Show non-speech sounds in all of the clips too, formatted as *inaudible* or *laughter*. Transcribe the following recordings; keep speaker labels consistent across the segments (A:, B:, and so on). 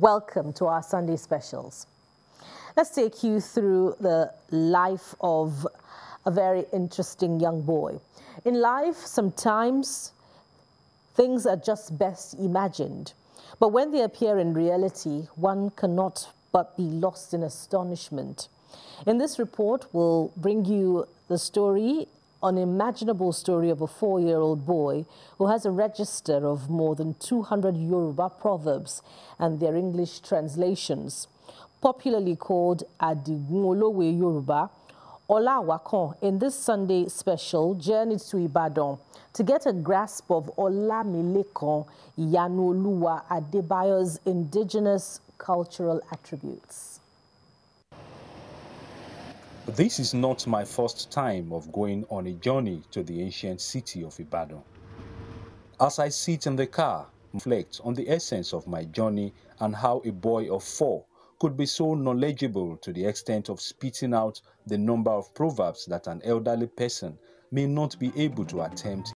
A: Welcome to our Sunday specials. Let's take you through the life of a very interesting young boy. In life, sometimes things are just best imagined, but when they appear in reality, one cannot but be lost in astonishment. In this report, we'll bring you the story unimaginable story of a four-year-old boy who has a register of more than 200 Yoruba proverbs and their English translations. Popularly called Adigunolowe Yoruba, Olawakan in this Sunday special journey to Ibadan to get a grasp of Olamilekan Yanoluwa Adebayo's indigenous cultural attributes.
B: This is not my first time of going on a journey to the ancient city of Ibadan. As I sit in the car, reflect on the essence of my journey and how a boy of four could be so knowledgeable to the extent of spitting out the number of proverbs that an elderly person may not be able to attempt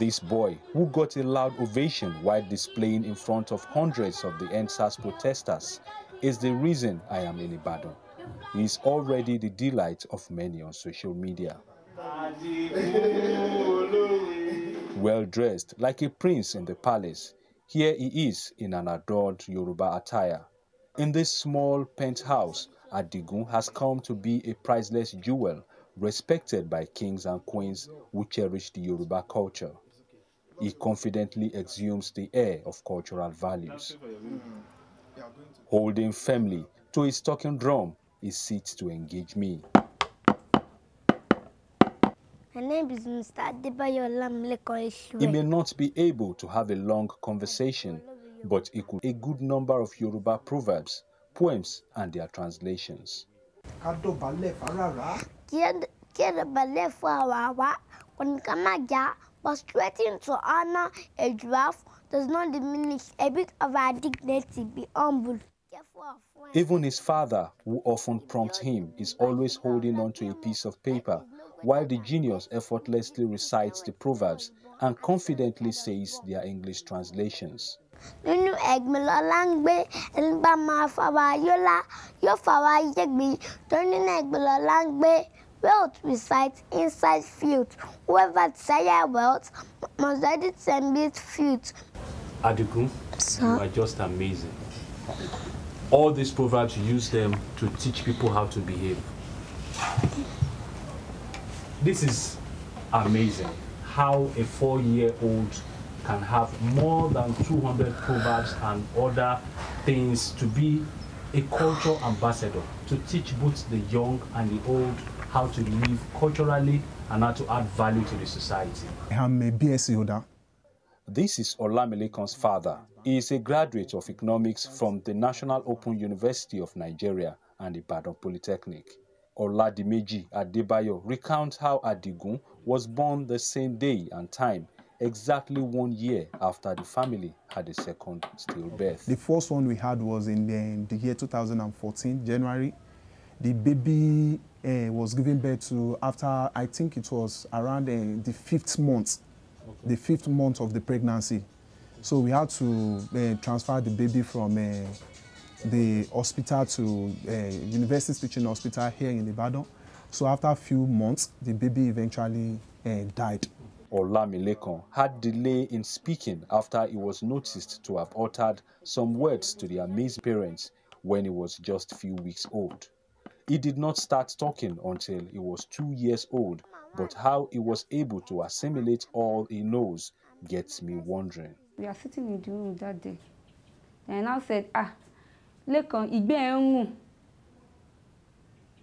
B: This boy, who got a loud ovation while displaying in front of hundreds of the NSAS protesters, is the reason I am in Ibadan. He is already the delight of many on social media.
C: *laughs*
B: well dressed, like a prince in the palace, here he is in an adored Yoruba attire. In this small penthouse, Adigun has come to be a priceless jewel respected by kings and queens who cherish the Yoruba culture he confidently exhumes the air of cultural values. Holding firmly to his talking drum, he sits to engage me.
D: My name is Mr. Adebayo He may
B: not be able to have a long conversation, but he could a good number of Yoruba proverbs, poems, and their translations.
D: But stretching to honor a giraffe does not diminish a bit of our dignity. Be humble.
C: Even
B: his father, who often prompts him, is always holding on to a piece of paper, while the genius effortlessly recites the proverbs and confidently says their English translations.
D: Wealth resides inside fields. Whoever desire wealth must edit and build fields.
B: Adigun, Sir? you are just amazing. All these proverbs, use them to teach people how to behave. This is amazing how a four-year-old can have more than 200 proverbs and other things to be a cultural ambassador to teach both the young and the old how to live culturally, and how to add value to the society.
C: I'm a BSc holder.
B: This is Olamilekan's father. He is a graduate of economics from the National Open University of Nigeria and the Ibadan Polytechnic. Oladimeji Adebayo recounts how Adigun was born the same day and time, exactly one year after the family had a second stillbirth. The
C: first one we had was in the, uh, in the year 2014, January. The baby uh, was given birth to after I think it was around uh, the fifth month, okay. the fifth month of the pregnancy. So we had to uh, transfer the baby from uh, the hospital to uh, University Teaching Hospital here in Ibadan. So after a few months, the baby eventually uh, died.
B: Olamilekan had delay in speaking after he was noticed to have uttered some words to the amazed parents when he was just few weeks old. He did not start talking until he was two years old, but how he was able to assimilate all he knows gets me wondering.
D: We are sitting in the room that day, and I said, Ah, lekon ìgbẹ́ ẹ̀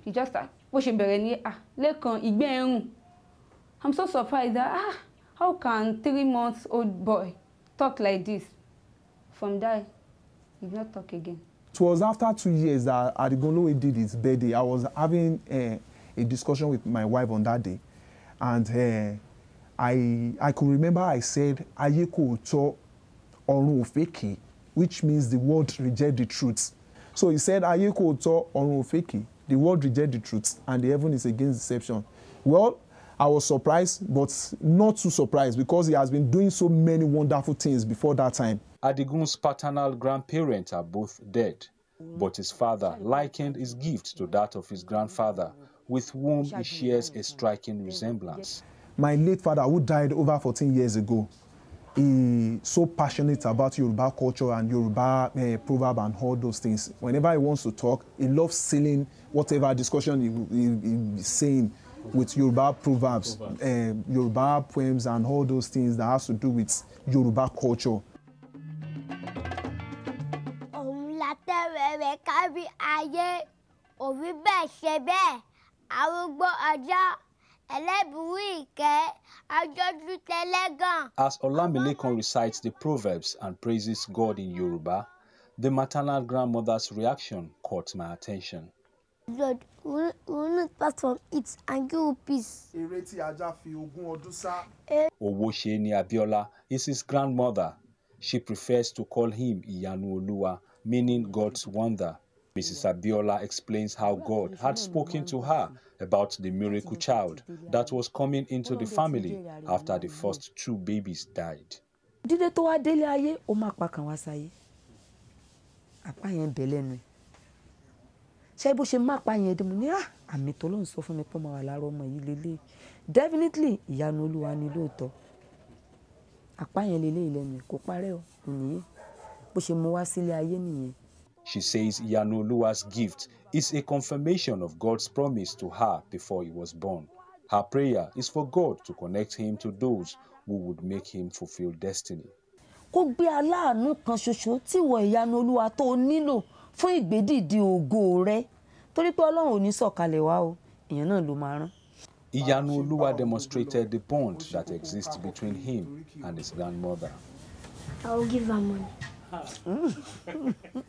D: He just ah, bó ṣe ah, lekon ìgbẹ́ ẹ̀ I'm so surprised that ah, how can three months old boy talk like this? From there, he did not talk again.
C: It was after two years that Adigunlowe did his birthday. I was having uh, a discussion with my wife on that day, and uh, I I could remember I said Ayeko Oto onrofeki," which means the world reject the truth. So he said Ayeko Oto onrofeki," the world reject the truth, and the heaven is against deception. Well, I was surprised, but not too surprised because he has been doing so many wonderful things before that time.
B: Adigun's paternal grandparents are both dead, mm. but his father likened his gift to that of his grandfather, mm. with whom he shares a striking
C: resemblance. My late father, who died over 14 years ago, he so passionate about Yoruba culture and Yoruba uh, proverb and all those things. Whenever he wants to talk, he loves sealing whatever discussion he, he, he's saying with Yoruba proverbs, proverbs. Uh, Yoruba poems and all those things that has to do with Yoruba culture.
D: ayé òwí bẹ́ẹ̀ ṣe bẹ́ẹ̀ arúgbó ọjọ́ ẹlẹ́bùrú ìkẹ́ ajọ́jú tẹlẹ́gàn.
B: As Olamilekan recites the proverbs and praises God in Yoruba, the maternal grandmother's reaction caught my attention.
D: Lord, we will not pass from it and give peace. Eré
C: tí ajá fi ogún ọdún sá.
B: Owóṣeni Abiola is his grandmother. She prefers to call him Ìyanu Olúwa, meaning God's wonder. Mrs. Abiola explains how God had spoken to her about the miracle child that was coming into the family after the first two babies died.
A: Dídé tó wá délé ayé, ó máa pa kàn wá sáyé. Àpá yẹn bẹ̀ lẹ́nu ẹ̀. Ṣé bó ṣe máa pa yẹn dé mu ní ah, àmì tó ló ń sọ fún mi pọ́ máa wà lára ọmọ yìí lélẹ̀. Definitely ìyanu olúwa ni lóòótọ́. Àpá yẹn lélẹ̀ ìlẹ́nu ẹ̀ kò parẹ́ o, kò níyẹn. Bó ṣe mú wá sílé ayé nìyẹn.
B: She says Iyanoluwa's gift is a confirmation of God's promise to her before he was born. Her prayer is for God to connect him to those who would make him fulfill destiny.
A: Kó gbé aláàánú kan ṣoṣo tí ìwọ ìyanu Olúwa tó o nílò fún ìgbédìde ògo rẹ torí pé Ọlọ́run ò ní sọ̀kalẹ̀ wá o èèyàn náà ló máa rán.
B: Ìyanu Olúwa demonstrated the bond that exists between him and his grandmother.
D: I will give her money.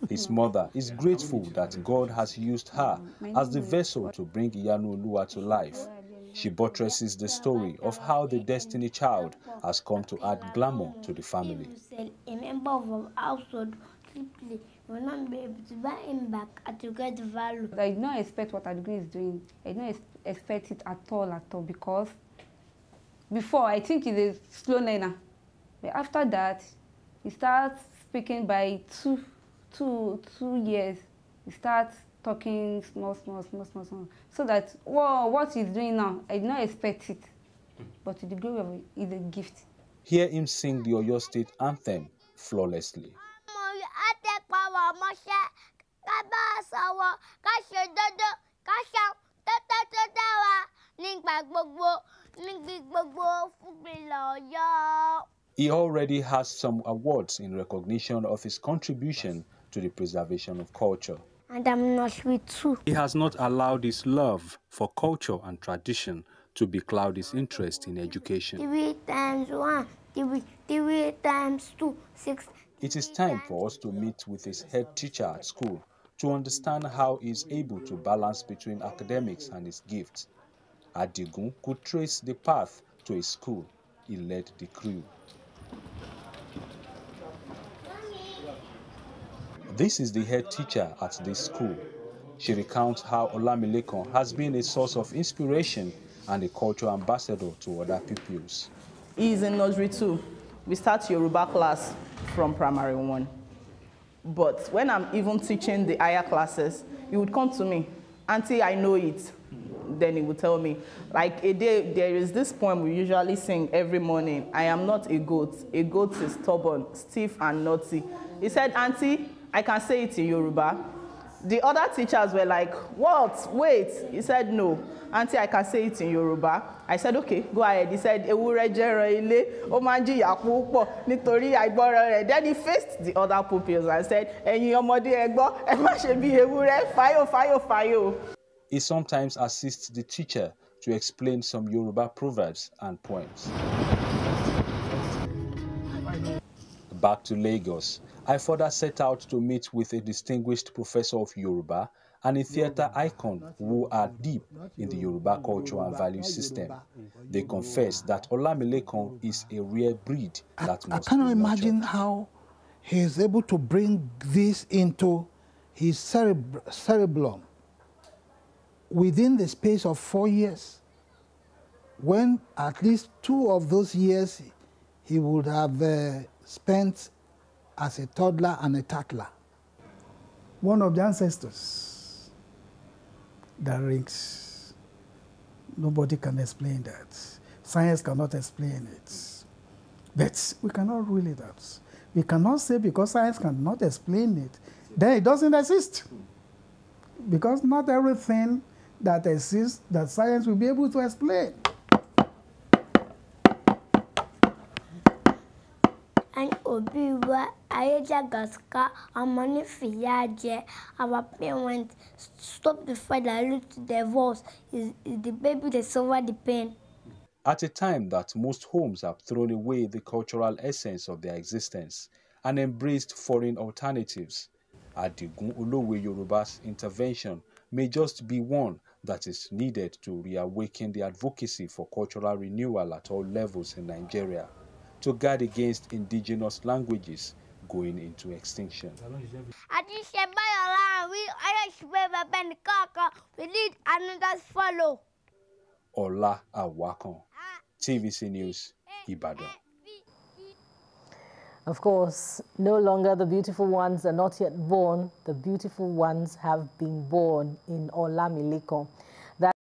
B: His mother is grateful that God has used her as the vessel to bring Iyanu to life. She buttresses the story of how the destiny child has come to add glamour to the family.
D: A member of our household simply will not be able to buy him back at the great value. I did not expect what Adigri is doing. I did not expect it at all, at all, because before I think he's a slow learner. But after that, he starts speaking by two two two years he start talking small small small small small so that whoa what he's doing now i did not expect it but the glory of it is a gift.
B: hear him sing the oyo state anthem flawlessly.
D: ọmọ àtẹ̀pàwọ̀ ọmọṣẹ́ ká bá a sọ̀wọ́ ká ṣe
B: He already has some awards in recognition of his contribution to the preservation of culture.
D: And I'm not with too.
B: He has not allowed his love for culture and tradition to becloud cloud his interest in education.
D: Three times one, three, three times two, six.
B: It is time for us to meet with his head teacher at school to understand how he is able to balance between academics and his gifts. Adigun could trace the path to his school. He led the crew. This is the head teacher at this school. She recounts how Olamilekon has been a source of inspiration and a cultural ambassador to other pupils.
A: He is in nursery too. We start Yoruba class from primary one. But when I'm even teaching the higher classes, he would come to me, Auntie, I know it. then he would tell me. Like a day, there is this poem we usually sing every morning. I am not a goat. A goat is stubborn, stiff and naughty. He said, Auntie, I can say it in Yoruba. The other teachers were like, what? Wait. He said, no. Auntie, I can say it in Yoruba. I said, okay, go ahead. He said, ewúrẹ́ jẹ́ran ilé, ó máa ń jìyà púpọ̀ nítorí Then he faced the other pupils and said, ẹ̀yin ọmọdé ẹ gbọ́, ẹ má ṣe bí ewúrẹ́, fáyò fáyò fáyò.
B: He sometimes assists the teacher to explain some Yoruba proverbs and poems. Back to Lagos, I further set out to meet with a distinguished professor of Yoruba and a theatre icon who are deep in the Yoruba culture and value system. They confess that Olamilekan is a rare breed that I, I
C: cannot imagine how he is able to bring this into his cerebr cerebrum within the space of four years,
B: when at least two of those years he would have uh, spent
C: as a toddler and a tattler. One of the ancestors that rings, nobody can explain that. Science cannot explain it. But we cannot rule it out. We cannot say because science cannot explain it, then it doesn't exist. Because not everything that exists that science will be able to explain.
D: And Obi wa Ayajagaska Amani Fiyaje, our parents stop the fight and look to divorce. Is, is the baby that suffer the pain?
B: At a time that most homes have thrown away the cultural essence of their existence and embraced foreign alternatives, Adigun Olowe Yoruba's intervention may just be one that is needed to reawaken the advocacy for cultural renewal at all levels in Nigeria to guard against indigenous languages going into extinction.
D: We need another follow.
B: Ola Awakon, TVC News, Ibadan.
A: Of course, no longer the beautiful ones are not yet born. The beautiful ones have been born in Olamiliko.